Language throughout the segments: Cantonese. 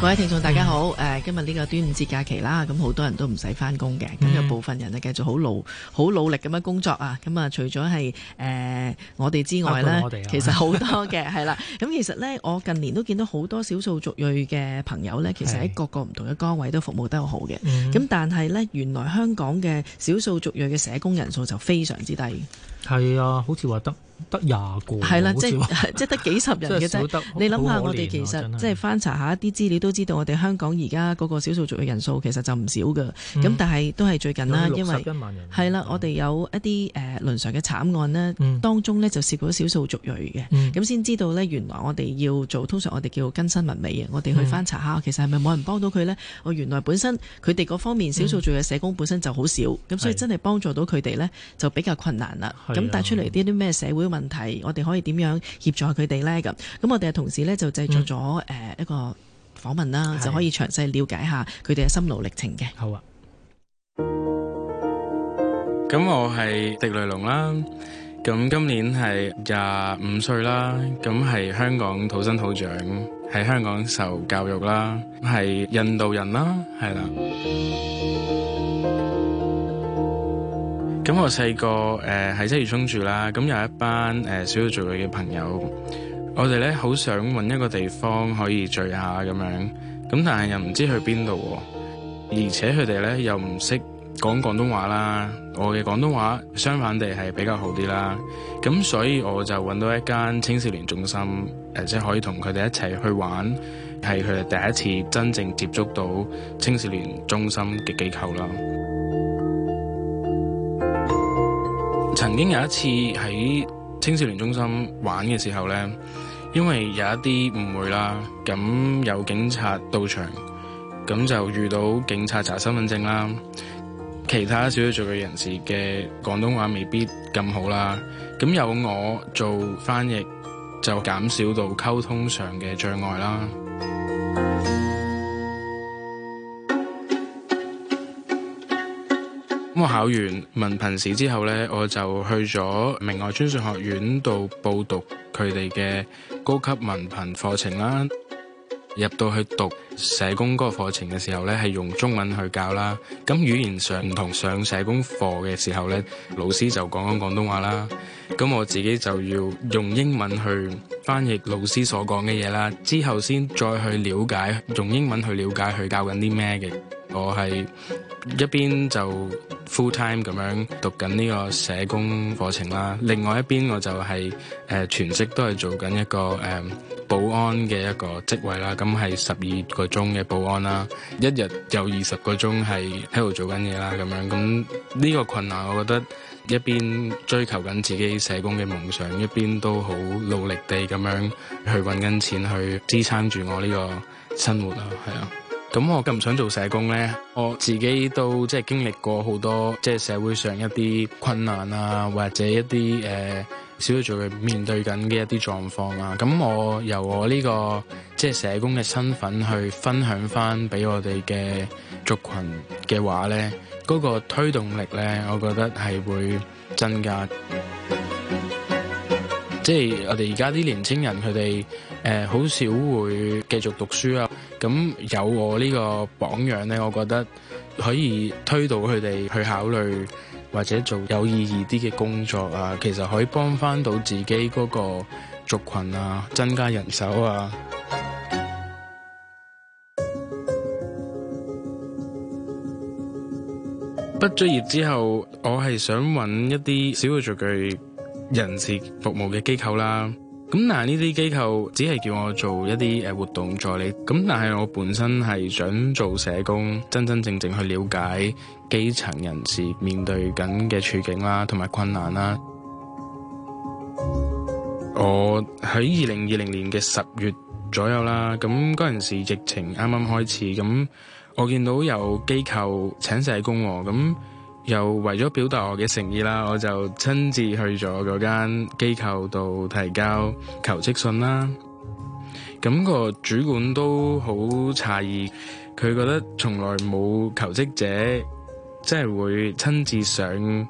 各位聽眾大家好，誒，今日呢個端午節假期啦，咁好多人都唔使翻工嘅，咁有部分人啊繼續好好努力咁樣工作啊，咁啊、嗯、除咗係誒我哋之外呢， 其實好多嘅係啦，咁其實呢，我近年都見到好多少數族裔嘅朋友呢，其實喺各個唔同嘅崗位都服務得好嘅，咁、嗯、但係呢，原來香港嘅少數族裔嘅社工人數就非常之低，係啊，好似話得。得廿個，係啦，即係即係得幾十人嘅啫。你諗下，我哋其實即係翻查下一啲資料，都知道我哋香港而家嗰個少數族裔人數其實就唔少嘅。咁但係都係最近啦，因為係啦，我哋有一啲誒倫常嘅慘案呢，當中呢就涉及少數族裔嘅。咁先知道呢，原來我哋要做通常我哋叫跟新聞尾。啊。我哋去翻查下，其實係咪冇人幫到佢呢？我原來本身佢哋嗰方面少數族裔社工本身就好少，咁所以真係幫助到佢哋呢，就比較困難啦。咁帶出嚟啲啲咩社會？問題，我哋可以點樣協助佢哋呢？咁咁，我哋係同時呢就製作咗誒一個訪問啦，就可以詳細了解下佢哋嘅心路歷程嘅。好啊。咁我係狄雷龍啦，咁今年係廿五歲啦，咁係香港土生土長，喺香港受教育啦，係印度人啦，係啦。咁我細個誒喺西悅涌住啦，咁有一班誒、呃、少數族裔嘅朋友，我哋咧好想揾一個地方可以聚下咁樣，咁但係又唔知去邊度，而且佢哋咧又唔識講廣東話啦，我嘅廣東話相反地係比較好啲啦，咁所以我就揾到一間青少年中心，誒即係可以同佢哋一齊去玩，係佢哋第一次真正接觸到青少年中心嘅機構啦。已經有一次喺青少年中心玩嘅時候呢，因為有一啲誤會啦，咁有警察到場，咁就遇到警察查身份證啦。其他少數族裔人士嘅廣東話未必咁好啦，咁有我做翻譯，就減少到溝通上嘅障礙啦。咁我考完文憑試之後呢，我就去咗明愛專上學院度報讀佢哋嘅高級文憑課程啦。入到去讀社工嗰個課程嘅時候呢，係用中文去教啦。咁語言上唔同，上社工課嘅時候呢，老師就講緊廣東話啦。咁我自己就要用英文去翻譯老師所講嘅嘢啦，之後先再去了解，用英文去了解佢教緊啲咩嘅。我係一邊就 full time 咁樣讀緊呢個社工課程啦，另外一邊我就係、是、誒、呃、全職都係做緊一個誒、呃、保安嘅一個職位啦，咁係十二個鐘嘅保安啦，一日有二十個鐘係喺度做緊嘢啦，咁樣咁呢個困難，我覺得一邊追求緊自己社工嘅夢想，一邊都好努力地咁樣去揾緊錢去支撐住我呢個生活啊，係啊。咁我咁唔想做社工呢。我自己都即係、就是、經歷過好多即係、就是、社會上一啲困難啊，或者一啲誒少數族羣面對緊嘅一啲狀況啊。咁我由我呢、這個即係、就是、社工嘅身份去分享翻俾我哋嘅族群嘅話呢，嗰、那個推動力呢，我覺得係會增加，即、就、係、是、我哋而家啲年青人佢哋。他們誒，好、呃、少會繼續讀書啊。咁有我呢個榜樣呢，我覺得可以推到佢哋去考慮，或者做有意義啲嘅工作啊，其實可以幫翻到自己嗰個族群啊，增加人手啊。畢咗 業之後，我係想揾一啲少數族裔人士服務嘅機構啦。咁嗱，呢啲機構只係叫我做一啲誒活動助理，咁但係我本身係想做社工，真真正正去了解基層人士面對緊嘅處境啦，同埋困難啦。我喺二零二零年嘅十月左右啦，咁嗰陣時疫情啱啱開始，咁我見到有機構請社工喎，咁。又為咗表達我嘅誠意啦，我就親自去咗嗰間機構度提交求職信啦。咁個主管都好詫異，佢覺得從來冇求職者即係會親自上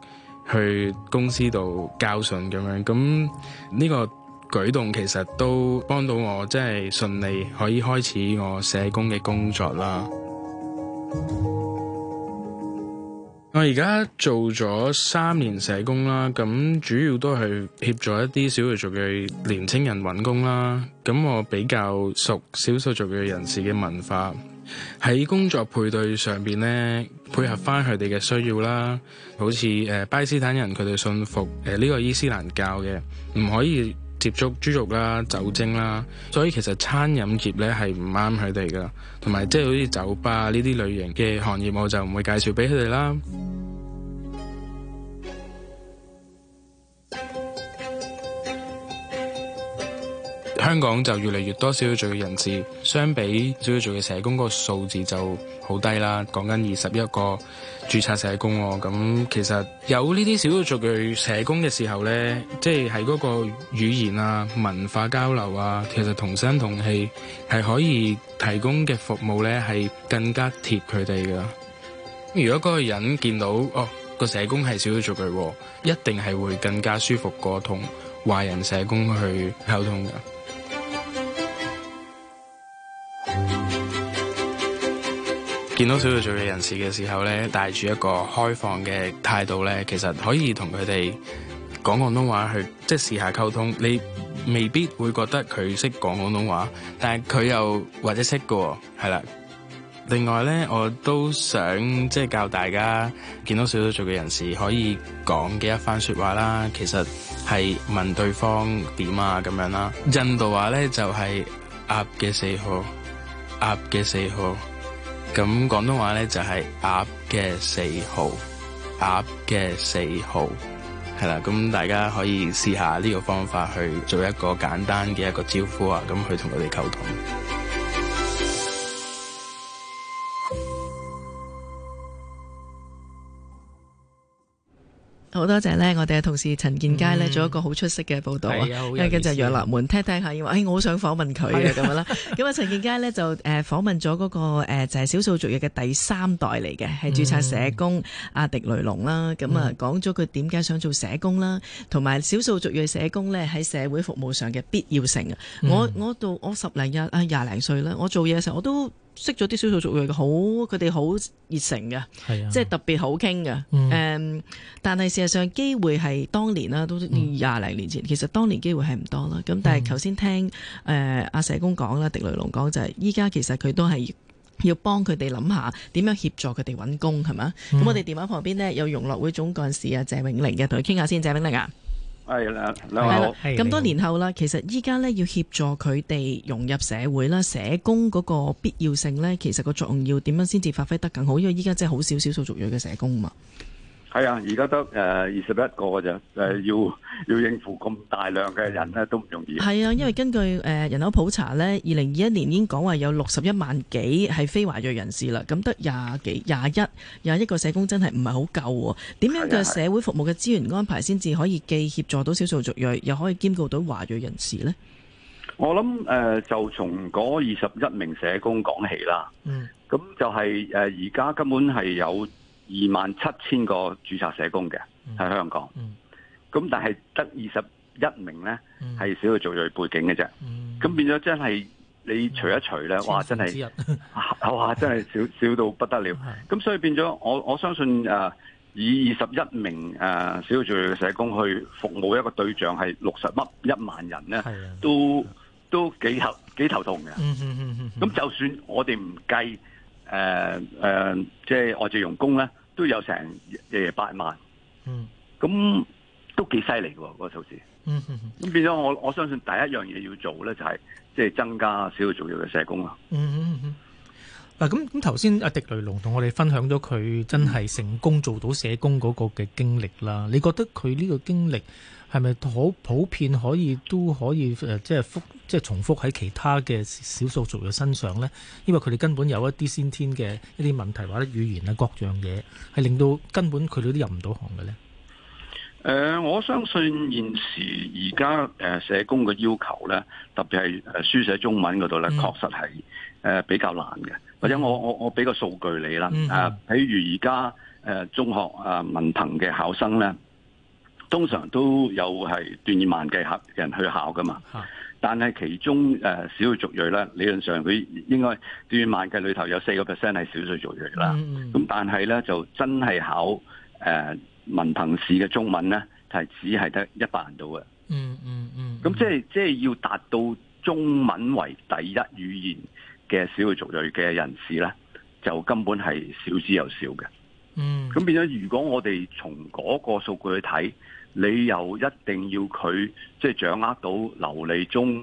去公司度交信咁樣。咁呢個舉動其實都幫到我，即係順利可以開始我社工嘅工作啦。我而家做咗三年社工啦，咁主要都係協助一啲少數族裔嘅年青人揾工啦。咁我比較熟少數族裔嘅人士嘅文化，喺工作配對上邊呢，配合翻佢哋嘅需要啦。好似誒，巴基斯坦人，佢哋信服誒呢、這個伊斯蘭教嘅，唔可以。接觸豬肉啦、酒精啦，所以其實餐飲業呢係唔啱佢哋㗎，同埋即係好似酒吧呢啲類型嘅行業，我就唔會介紹俾佢哋啦。香港就越嚟越多少數族裔人士，相比少數族裔社工嗰個數字就好低啦。講緊二十一個註冊社工喎，咁其實有呢啲少數族裔社工嘅時候咧，即係喺嗰個語言啊、文化交流啊，其實同聲同氣，係可以提供嘅服務咧，係更加貼佢哋噶。如果嗰個人見到哦個社工係少數族裔，一定係會更加舒服過同華人社工去溝通嘅。見到少數族裔人士嘅時候咧，帶住一個開放嘅態度咧，其實可以同佢哋講廣東話去，即係試下溝通。你未必會覺得佢識講廣東話，但係佢又或者識嘅喎，係啦。另外咧，我都想即係、就是、教大家見到少數族裔人士可以講嘅一番説話啦。其實係問對方點啊咁樣啦。印度話咧就係阿嘅四號，阿嘅四號。咁廣東話呢，就係、是、鴨嘅四號，鴨嘅四號，係啦。咁大家可以試下呢個方法去做一個簡單嘅一個招呼啊，咁去同佢哋溝通。好多謝咧，我哋嘅同事陳建佳咧做一個好出色嘅報導啊，跟住就陽立門聽聽下，話誒，我好想訪問佢嘅咁樣啦。咁啊，陳建佳咧就誒訪問咗嗰個誒就係少數族裔嘅第三代嚟嘅，係註冊社工阿狄雷龍啦。咁啊，講咗佢點解想做社工啦，同埋少數族裔社工咧喺社會服務上嘅必要性啊。我我到我十零日啊，廿零歲啦，我做嘢嘅時候我都。識咗啲少數族裔嘅好，佢哋好熱誠嘅，即係特別好傾嘅。誒，但係事實上機會係當年啦，都廿零年前，嗯、其實當年機會係唔多啦。咁但係頭先聽誒阿、呃、社工講啦，狄雷龍講就係，依家其實佢都係要幫佢哋諗下點樣協助佢哋揾工係咪？咁、嗯、我哋電話旁邊呢，有融樂會總幹事啊謝永齡嘅，同佢傾下先，謝永齡啊。係咁多年後啦，其實依家呢，要協助佢哋融入社會啦，社工嗰個必要性呢，其實個作用要點樣先至發揮得更好？因為依家真係好少少數族裔嘅社工啊嘛。係啊，而家得誒二十一個嘅啫，誒要要應付咁大量嘅人咧，都唔容易。係啊，因為根據誒人口普查咧，二零二一年已經講話有六十一萬幾係非華裔人士啦，咁得廿幾廿一廿一個社工真係唔係好夠。點樣嘅社會服務嘅資源安排先至可以既協助到少數族裔，又可以兼顧到華裔人士呢？我諗誒，就從嗰二十一名社工講起啦。嗯。咁就係誒，而家根本係有。二萬七千個註冊社工嘅喺香港，咁但係得二十一名咧，係少數族裔背景嘅啫。咁變咗真係你除一除咧，哇！真係哇！真係少少到不得了。咁所以變咗，我我相信誒，以二十一名誒少數族裔嘅社工去服務一個對象係六十乜一萬人咧，都都幾頭幾頭痛嘅。咁就算我哋唔計誒誒，即係外籍傭工咧。都有成誒八萬，嗯、啊，咁都幾犀利嘅喎嗰個數字，嗯嗯咁變咗我我相信第一樣嘢要做咧就係即係增加少數族裔嘅社工啦、嗯，嗯嗯嗱咁咁頭先阿狄雷龍同我哋分享咗佢真係成功做到社工嗰個嘅經歷啦，你覺得佢呢個經歷？係咪好普遍可以都可以誒，即係復即係重複喺其他嘅少數族嘅身上咧？因為佢哋根本有一啲先天嘅一啲問題，或者語言啊各樣嘢，係令到根本佢哋都入唔到行嘅咧。誒、呃，我相信現時而家誒社工嘅要求咧，特別係誒書寫中文嗰度咧，確實係誒、呃、比較難嘅。嗯、或者我我我俾個數據你啦，誒、嗯嗯呃，譬如而家誒中學啊、呃、文憑嘅考生咧。通常都有係數以萬計的人去考㗎嘛，但係其中誒少數族裔咧，理論上佢應該數以萬計裏頭有四個 percent 係少數族裔啦。咁、嗯嗯、但係咧就真係考誒、呃、文憑試嘅中文咧，係、就係、只係得一百人到嘅、嗯。嗯嗯嗯。咁即係即係要達到中文為第一語言嘅少數族裔嘅人士咧，就根本係少之又少嘅。嗯。咁變咗，如果我哋從嗰個數據去睇，你又一定要佢即係掌握到流利中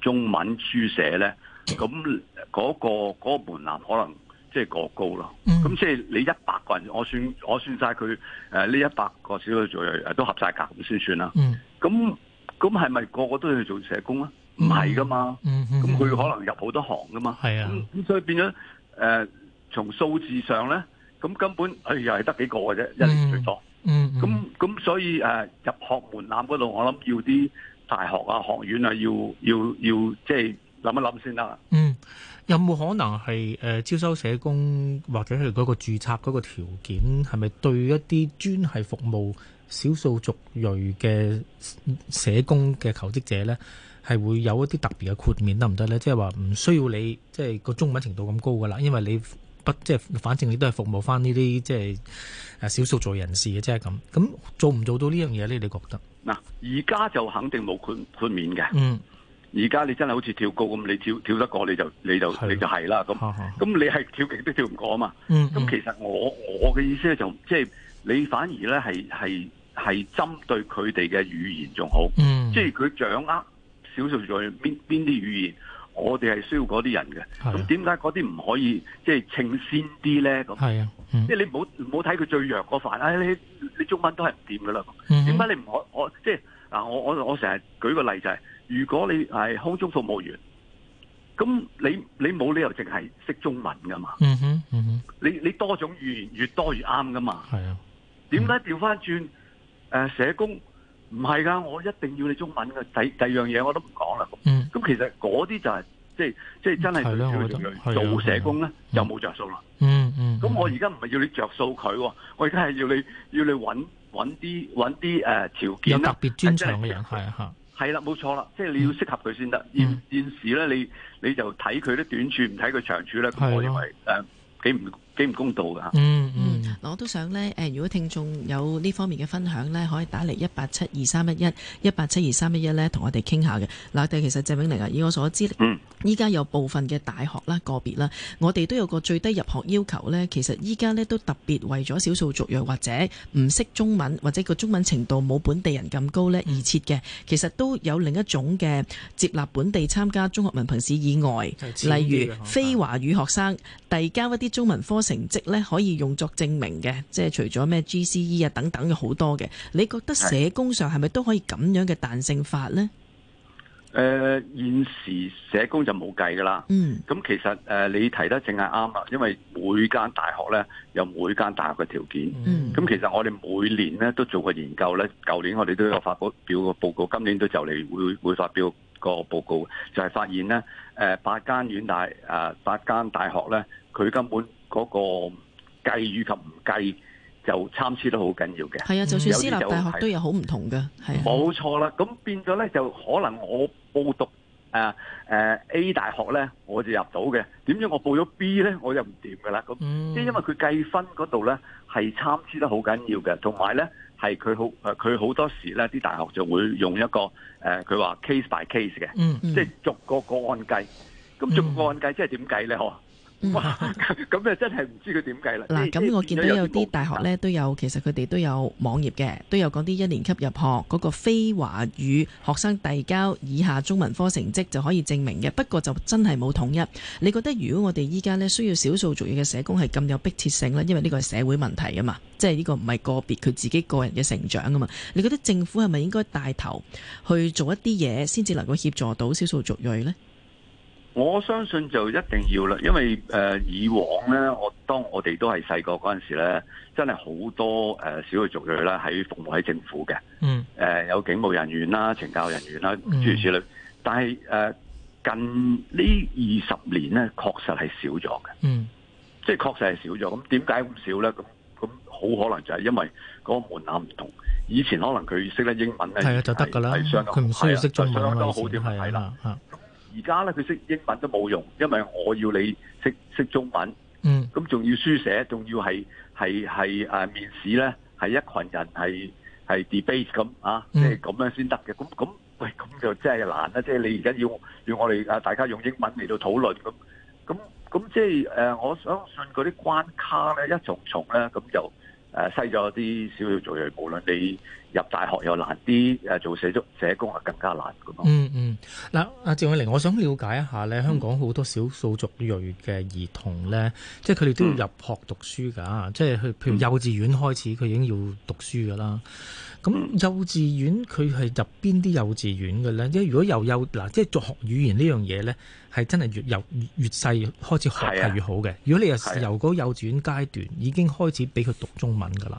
中文書寫咧，咁嗰、嗰個嗰、嗰個門檻可能即係過高喇。咁、嗯、即係你一百個人，我算我算晒佢誒，呢、呃、一百個小朋友都合晒格咁先算啦。咁咁係咪個個都要做社工啊？唔係噶嘛。咁佢、嗯嗯嗯、可能入好多行噶嘛。係啊、嗯。咁的所以變咗誒，從、呃、數字上咧，咁根本誒、哎、又係得幾個嘅啫，一年最多。嗯嗯嗯，咁、嗯、咁所以誒、呃、入學門檻嗰度，我諗要啲大學啊、學院啊，要要要即係諗一諗先得啦。嗯，有冇可能係誒招收社工或者係嗰個註冊嗰個條件，係咪對一啲專係服務少數族裔嘅社工嘅求職者咧，係會有一啲特別嘅豁免得唔得咧？即係話唔需要你即係、就是、個中文程度咁高噶啦，因為你。不即係反正你都係服務翻呢啲即係少數族人士嘅啫咁。咁做唔做到呢樣嘢咧？你覺得嗱，而家就肯定冇豁豁免嘅。嗯，而家你真係好似跳高咁，你跳跳得過你就你就你就係啦。咁咁你係跳極都跳唔過啊嘛。咁、嗯嗯、其實我我嘅意思咧就即、係、係你反而咧係係係針對佢哋嘅語言仲好。嗯、即係佢掌握少數族邊邊啲語言。我哋係需要嗰啲人嘅，咁點解嗰啲唔可以即係稱先啲咧？咁，即係、啊嗯、你唔好唔好睇佢最弱嗰份、哎，你你中文都係唔掂噶啦，點解、嗯、哼你唔可我即係嗱？我即我我成日舉個例就係，如果你係空中服務員，咁你你冇理由淨係識中文噶嘛？嗯哼，嗯哼，你你多種語言越多越啱噶嘛？係啊，點解調翻轉？誒、呃，社工。唔係噶，我一定要你中文噶。第第二樣嘢我都唔講啦。咁咁其實嗰啲就係即係即係真係要做社工咧，就冇着數啦。嗯嗯。咁我而家唔係要你着數佢喎，我而家係要你要你揾揾啲揾啲誒條件啦。有特別專長嘅人。係嚇。係啦，冇錯啦，即係你要適合佢先得。現現時咧，你你就睇佢啲短處唔睇佢長處咧。係。我認為誒幾唔。幾唔公道噶嚇，嗯！嗯嗯，我都想呢。誒，如果聽眾有呢方面嘅分享呢，可以打嚟一八七二三一一一八七二三一一呢，同我哋傾下嘅。嗱，但係其實謝永齡啊，以我所知，嗯，依家有部分嘅大學啦，個別啦，我哋都有個最低入學要求呢。其實依家呢都特別為咗少數族裔或者唔識中文或者個中文程度冇本地人咁高呢，而設嘅。其實都有另一種嘅接納本地參加中學文憑試以外，嗯、例如非華語學生遞、嗯、交一啲中文科。成績咧可以用作證明嘅，即係除咗咩 GCE 啊等等嘅好多嘅，你覺得社工上係咪都可以咁樣嘅彈性法呢？誒、呃，現時社工就冇計㗎喇。嗯。咁其實誒、呃，你提得正係啱啦，因為每間大學咧有每間大學嘅條件。嗯。咁其實我哋每年咧都做個研究咧，舊年我哋都有發表個報告，今年都就嚟會會發表個報告，就係、是、發現呢，誒、呃、八間院大啊、呃、八間大學咧，佢根本。嗰個計與及唔計就參差得好緊要嘅，係啊，就算私立大學都有好唔同嘅，冇、啊嗯、錯啦。咁變咗咧，就可能我報讀、呃呃、A 大學咧，我就入到嘅。點樣我報咗 B 咧，我就唔掂噶啦。咁即係因為佢計分嗰度咧，係參差得好緊要嘅，同埋咧係佢好佢好多時咧啲大學就會用一個佢話、呃、case by case 嘅，嗯嗯、即係逐個個案計。咁逐個，個案計即係點計咧？嗬、嗯？嗯嗯、哇！咁咁就真係唔知佢點計啦。嗱、嗯，咁、欸欸、我見到有啲大學呢，都有，有其實佢哋都有網頁嘅，都有講啲一,一年級入學嗰、嗰個非華語學生遞交以下中文科成績就可以證明嘅。不過就真係冇統一。你覺得如果我哋依家呢，需要少數族裔嘅社工係咁有迫切性呢？因為呢個係社會問題啊嘛，即係呢個唔係個別佢自己個人嘅成長啊嘛。你覺得政府係咪應該帶頭去做一啲嘢，先至能夠協助到少數族裔呢？我相信就一定要啦，因為誒、呃、以往咧，我當我哋都係細個嗰陣時咧，時真係好多誒、呃、少數族裔啦，喺服務喺政府嘅。嗯。誒、呃，有警務人員啦、懲教人員啦，諸如此類。但係誒近呢二十年咧，確實係少咗嘅。嗯。呃、確嗯即係確實係少咗，咁點解咁少咧？咁咁好可能就係因為嗰個門檻唔同，以前可能佢識得英文咧，係啊，就得噶啦，佢唔、啊、需要識中文啊，好啲係啦，吓、啊。而家咧佢識英文都冇用，因為我要你識識中文。嗯，咁仲要書寫，仲要係係係誒面試咧，係一群人係係 debate 咁啊，即係咁樣先得嘅。咁咁喂，咁就真係難啦。即係你而家要要我哋啊大家用英文嚟到討論咁咁咁，即係誒，我相信嗰啲關卡咧一重重咧咁就。誒細咗啲少數族裔，無論你入大學又難啲，誒做社足社工啊更加難咁。嗯嗯，嗱、嗯，阿謝永齡，我想了解一下咧，香港好多少數族裔嘅兒童咧，嗯、即係佢哋都要入學讀書㗎，即係去譬如幼稚園開始，佢、嗯、已經要讀書㗎啦。咁幼稚園佢係入邊啲幼稚園嘅咧？即係如果又幼嗱，即係作學語言呢樣嘢咧？係真係越由越細開始學係越好嘅。如果你由由嗰幼稚園階段已經開始俾佢讀中文㗎啦，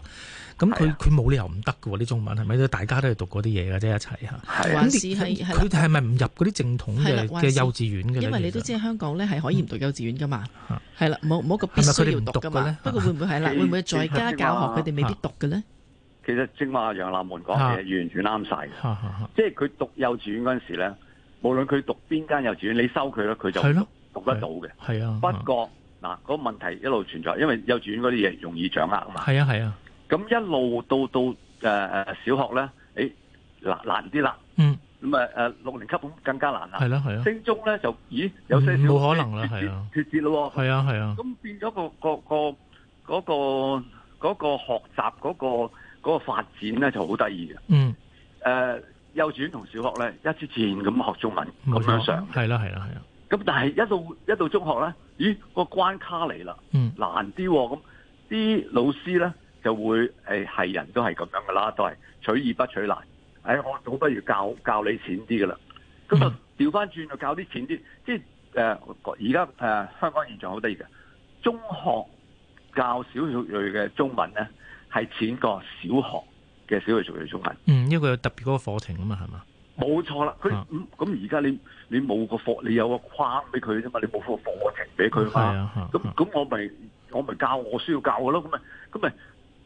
咁佢佢冇理由唔得㗎喎。啲中文係咪大家都係讀嗰啲嘢㗎啫一齊嚇？還是係佢哋係咪唔入嗰啲正統嘅嘅幼稚園嘅？因為你都知香港咧係可以唔讀幼稚園㗎嘛？係啦，冇冇個必哋唔讀㗎咧。不過會唔會係啦？會唔會在家教學佢哋未必讀嘅咧？其實正話楊立門講嘢完全啱晒，即係佢讀幼稚園嗰陣時咧。無論佢讀邊間幼稚園，你收佢咧，佢就讀得到嘅。係啊，不過嗱，嗰個問題一路存在，因為幼稚園嗰啲嘢容易掌握啊嘛。係啊，係啊。咁一路到到誒誒小學咧，誒難難啲啦。嗯。咁啊誒六年級咁更加難啦。係啦，係啊。升中咧就，咦，有些少可能啦，係啊，脫節咯。係啊，係啊。咁變咗個個個嗰個嗰個學習嗰個嗰個發展咧就好得意嘅。嗯。誒。幼稚園同小學咧，一支箭咁學中文咁錯樣上，係啦，係啦，係啦。咁但係一到一到中學咧，咦個關卡嚟啦，嗯，難啲、哦。咁啲老師咧就會誒係、哎、人都係咁樣噶啦，都係取易不取難。誒、哎，我倒不如教教你淺啲噶啦。咁就調翻轉就教啲淺啲。嗯、即係誒，而家誒香港現狀好得意嘅，中學教小學類嘅中文咧係淺過小學。嘅小學族學中係，嗯，因為佢有特別嗰個課程啊嘛，係嘛，冇錯啦，佢咁而家你你冇個課，你有個框俾佢啫嘛，你冇個課程俾佢嘛，咁咁、嗯、我咪我咪教我需要教嘅咯，咁咪咁咪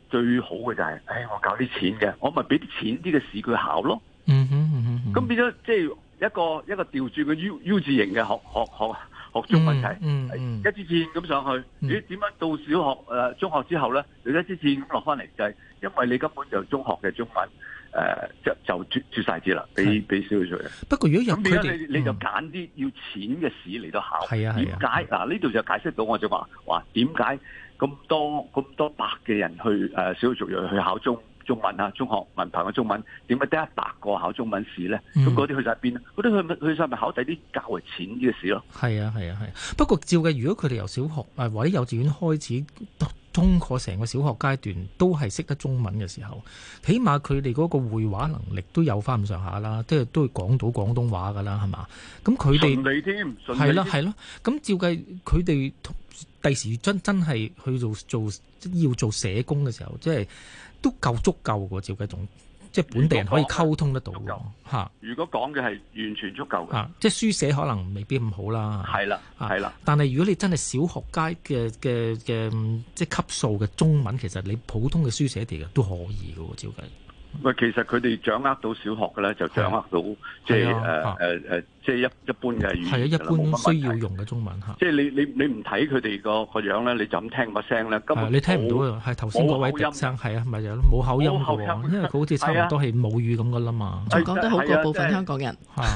最好嘅就係、是，唉，我教啲淺嘅，我咪俾啲淺啲嘅事佢考咯嗯，嗯哼，咁、嗯、變咗即係一個一個調轉嘅 U U 字型嘅學學學。學學學中文係，嗯嗯嗯、一支箭咁上去，咦？點樣到小學誒、呃、中學之後咧？又一支箭咁落翻嚟，就係，因為你根本就中學嘅中文誒、呃，就就絕絕晒字啦，俾俾少數族裔。不過是如果入佢哋，你就揀啲要錢嘅事嚟到考。係啊係解，嗱呢度就解釋到我就話，哇！點解咁多咁多白嘅人去誒、呃、少數族裔入去考中？中文啊，中學文憑嘅中文，點解得一百個考中文試咧？咁嗰啲去晒邊咧？嗰啲去咪去曬咪考第啲較為淺啲嘅試咯？係啊係啊係啊！不過照計，如果佢哋由小學啊，或者幼稚園開始，通過成個小學階段都係識得中文嘅時候，起碼佢哋嗰個會話能力都有翻咁上下啦，即係都會講到廣東話噶啦，係嘛？咁佢哋順添，係啦係啦。咁、啊啊、照計，佢哋第時真真係去做做要做社工嘅時候，即係。都夠足夠喎，照計總，即係本地人可以溝通得到嚇。如果講嘅係完全足夠嚇，啊，即係書寫可能未必咁好啦。係啦，係啦，啊。但係如果你真係小學階嘅嘅嘅，即係級數嘅中文，其實你普通嘅書寫地嘅都可以嘅喎，照計。唔，其實佢哋掌握到小學嘅咧，就掌握到的即係誒誒誒，uh, uh, 即係一一般嘅語言啊，一般需要用嘅中文嚇。即係你你你唔睇佢哋個個樣咧，你就咁聽把聲咧，根本你聽唔到啊！係頭先嗰位狄生係啊，咪冇口音，音因為佢好似差唔多係母語咁嘅啦嘛。仲講的得好過部分香港人。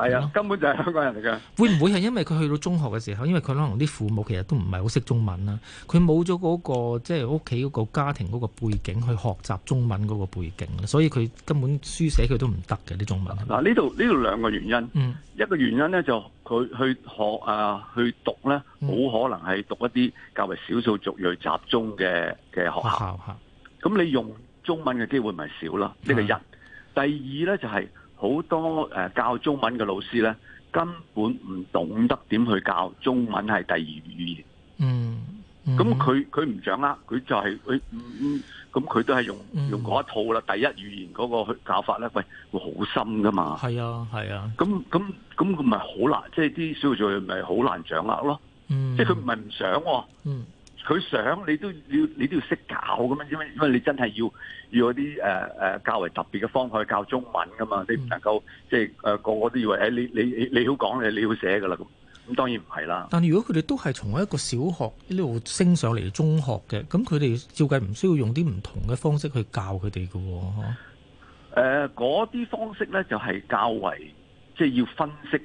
係啊，根本就係香港人嚟㗎。會唔會係因為佢去到中學嘅時候，因為佢可能啲父母其實都唔係好識中文啦，佢冇咗嗰個即係屋企嗰個家庭嗰個背景去學習中文嗰個背景啦，所以佢根本書寫佢都唔得嘅啲中文。嗱，呢度呢度兩個原因，嗯、一個原因咧就佢去學啊，去讀咧，好可能係讀一啲較為少數族裔集中嘅嘅學校嚇，咁你用中文嘅機會咪少啦？呢個一。嗯、第二咧就係。好多誒、呃、教中文嘅老師咧，根本唔懂得點去教中文係第二語言。嗯，咁佢佢唔掌握，佢就係佢咁，佢、欸嗯嗯嗯、都係用用嗰一套啦。第一語言嗰個去教法咧，喂，會好深㗎嘛。係啊，係啊。咁咁咁，佢咪好難，即係啲小學同學咪好難掌握咯。嗯，即係佢唔係唔想喎、哦。嗯。佢想你都要你都要識教咁樣，因為因為你真係要要嗰啲誒誒較為特別嘅方法去教中文噶嘛，嗯、你唔能夠即係誒個個都以為誒、哎、你你你你好講你你要寫噶啦咁，咁當然唔係啦。但如果佢哋都係從一個小學呢度升上嚟中學嘅，咁佢哋照計唔需要用啲唔同嘅方式去教佢哋嘅，吓、呃。誒，嗰啲方式咧就係、是、較為即係、就是、要分析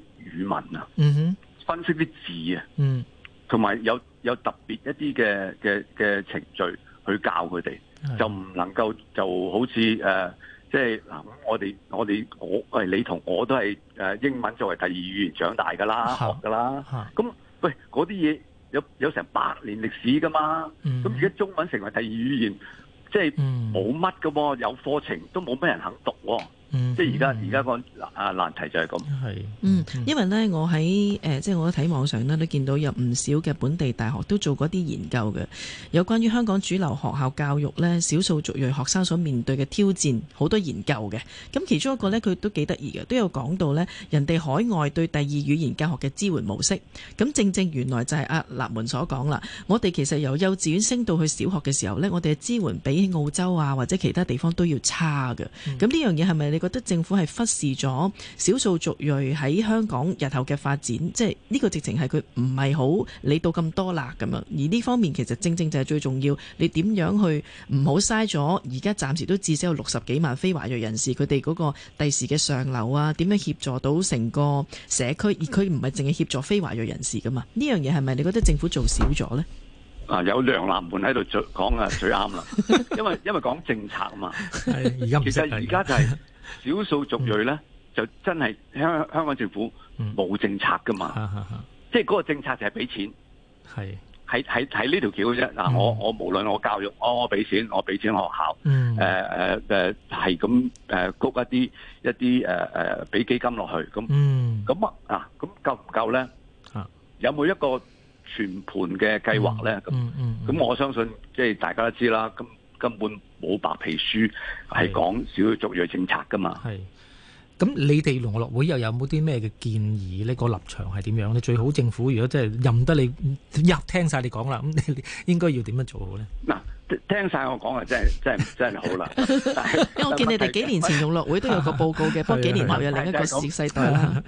語文啊，嗯哼，分析啲字啊，嗯，同埋有，有。有特別一啲嘅嘅嘅程序去教佢哋，的就唔能夠就好似誒，即係嗱，我哋我哋我誒你同我都係誒、呃、英文作為第二語言長大㗎啦，的學㗎啦。咁的喂，嗰啲嘢有有成百年歷史㗎嘛？咁而家中文成為第二語言，即係冇乜嘅噃，有課程都冇乜人肯讀、啊。嗯、即係而家而家個啊難題就係咁。係，嗯，因為呢，就是、我喺誒，即係我睇網上咧，都見到有唔少嘅本地大學都做過啲研究嘅，有關於香港主流學校教育呢，少數族裔學生所面對嘅挑戰，好多研究嘅。咁其中一個呢，佢都幾得意嘅，都有講到呢，人哋海外對第二語言教學嘅支援模式。咁正正原來就係阿立門所講啦，我哋其實由幼稚園升到去小學嘅時候呢，我哋嘅支援比澳洲啊或者其他地方都要差嘅。咁呢、嗯、樣嘢係咪你？覺得政府係忽視咗少數族裔喺香港日後嘅發展，即係呢個直情係佢唔係好理到咁多啦咁樣。而呢方面其實正正就係最重要，你點樣去唔好嘥咗？而家暫時都至少有六十幾萬非華裔人士，佢哋嗰個第時嘅上流啊，點樣協助到成個社區？而佢唔係淨係協助非華裔人士㗎嘛？呢樣嘢係咪你覺得政府做少咗呢？啊，有梁難門喺度講啊，最啱啦，因為因為講政策嘛。 其實而家就係、是。 少數族裔咧，嗯、就真係香香港政府冇政策噶嘛，嗯、哈哈即係嗰個政策就係俾錢，係喺喺喺呢條橋啫。嗱，我我無論我教育，哦、我我俾錢，我俾錢學校，誒誒誒，係咁誒，谷、呃呃、一啲一啲誒誒，俾、呃、基金落去，咁咁啊啊，咁夠唔夠咧？有冇一個全盤嘅計劃咧？咁咁我相信，即係大家都知啦。咁。根本冇白皮書係講少數族裔政策噶嘛？係咁，那你哋融樂會又有冇啲咩嘅建議，呢個立場係點樣咧？最好政府如果真係任得你一聽晒你講啦，咁你應該要點樣做好咧？嗱、啊，聽晒我講啊，真係真係真係好啦，因為、就是、我見你哋幾年前融樂會都有一個報告嘅，不過、啊、是幾年後有另一個時勢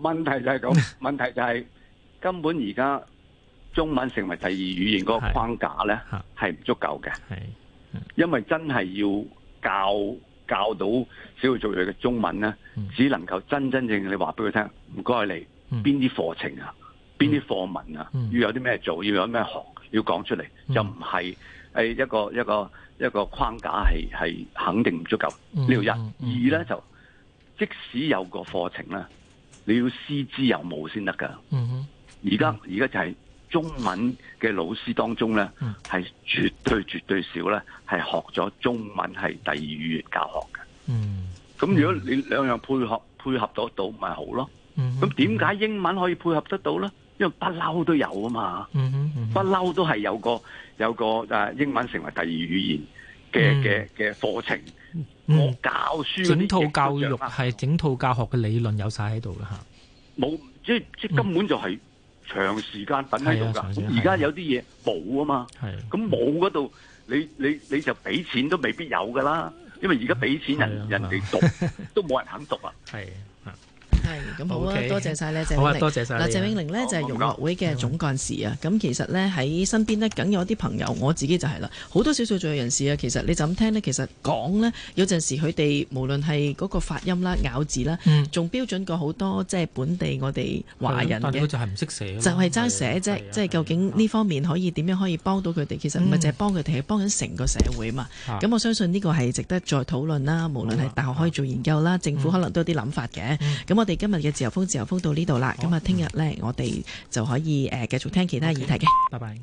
問題就係咁，問題就係、是 就是、根本而家中文成為第二語言嗰個框架咧，係唔的足夠嘅。因為真係要教教到少數族裔嘅中文咧，只能夠真真正正你話俾佢聽，唔該你邊啲課程啊，邊啲課文啊，要有啲咩做，要有咩學，要講出嚟，就唔係誒一個一個一個框架係係肯定唔足夠，這個、嗯嗯嗯、呢度一，二咧就即使有個課程咧，你要師資有冇先得噶而家而家就係、是。中文嘅老師當中咧，係、嗯、絕對絕對少咧，係學咗中文係第二語言教學嘅、嗯。嗯，咁如果你兩樣配合配合得到，咪好咯。咁點解英文可以配合得到咧？因為不嬲都有啊嘛，嗯。嗯哼，不嬲都係有個有個誒英文成為第二語言嘅嘅嘅課程。嗯嗯、我教書。整套教育係整套教學嘅理論有晒喺度喇嚇。冇、嗯，即即根本就係。長時間等喺度㗎，而家、啊、有啲嘢冇啊嘛，咁冇嗰度你你你就畀錢都未必有㗎啦，因為而家畀錢人、啊啊、人哋讀 都冇人肯讀啊。係、啊。係咁好多謝晒咧，謝永齡。好多謝晒嗱，謝永齡呢就係融樂會嘅總幹事啊。咁其實呢喺身邊呢梗有啲朋友，我自己就係啦。好多少數族裔人士啊，其實你就咁聽呢其實講呢，有陣時佢哋無論係嗰個發音啦、咬字啦，仲標準過好多即係本地我哋華人嘅。但佢就係唔識寫。就係爭寫啫，即係究竟呢方面可以點樣可以幫到佢哋？其實唔係淨係幫佢哋，係幫緊成個社會嘛。咁我相信呢個係值得再討論啦。無論係大學可以做研究啦，政府可能都有啲諗法嘅。咁我哋。今日嘅自由風自由風到呢度啦，咁啊，聽日呢，嗯、我哋就可以誒、呃、繼續聽其他議題嘅，拜拜。